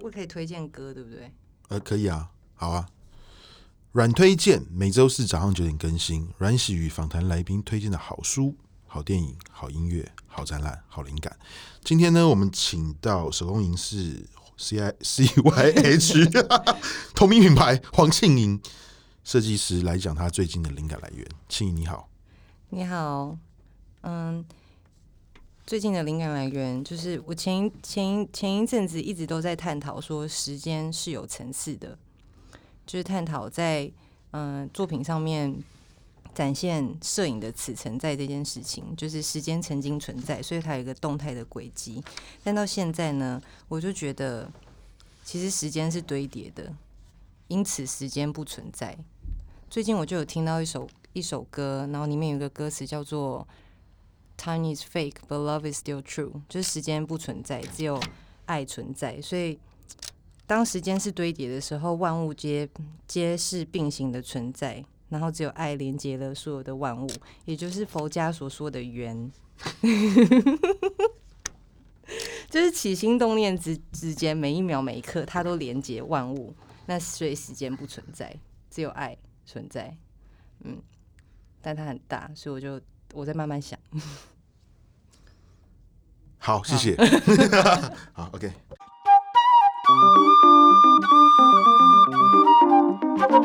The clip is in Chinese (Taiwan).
我可以推薦歌，對不對？呃，可以啊，好啊。阮推薦每週四早上九點更新，阮璽與訪談來賓推薦的好書。好電影、好音樂、好展覽、好靈感。今天呢，我們請到手工銀飾 CICYH 同名品牌黃慶宜設計師來講他最近的靈感來源。慶宜你好，你好，嗯，最近的靈感來源就是我前一前，前一前一陣子一直都在探討說時間是有層次的，就是探討在嗯作品上面。展現攝影的此存在這件事情，就是時間曾經存在，所以它有一個動態的軌跡。但到現在呢，我就覺得其實時間是堆疊的，因此時間不存在。最近我就有聽到一首一首歌，然後裡面有一個歌詞叫做 “Time is fake, but love is still true”，就是時間不存在，只有愛存在。所以當時間是堆疊的時候，萬物皆皆是並行的存在。然後只有愛連接了所有的萬物，也就是佛家所說的緣， 就是起心動念之之間，間每一秒每一刻，它都連接萬物。那所以時間不存在，只有愛存在。嗯，但它很大，所以我就我再慢慢想。好，謝謝。 好，OK。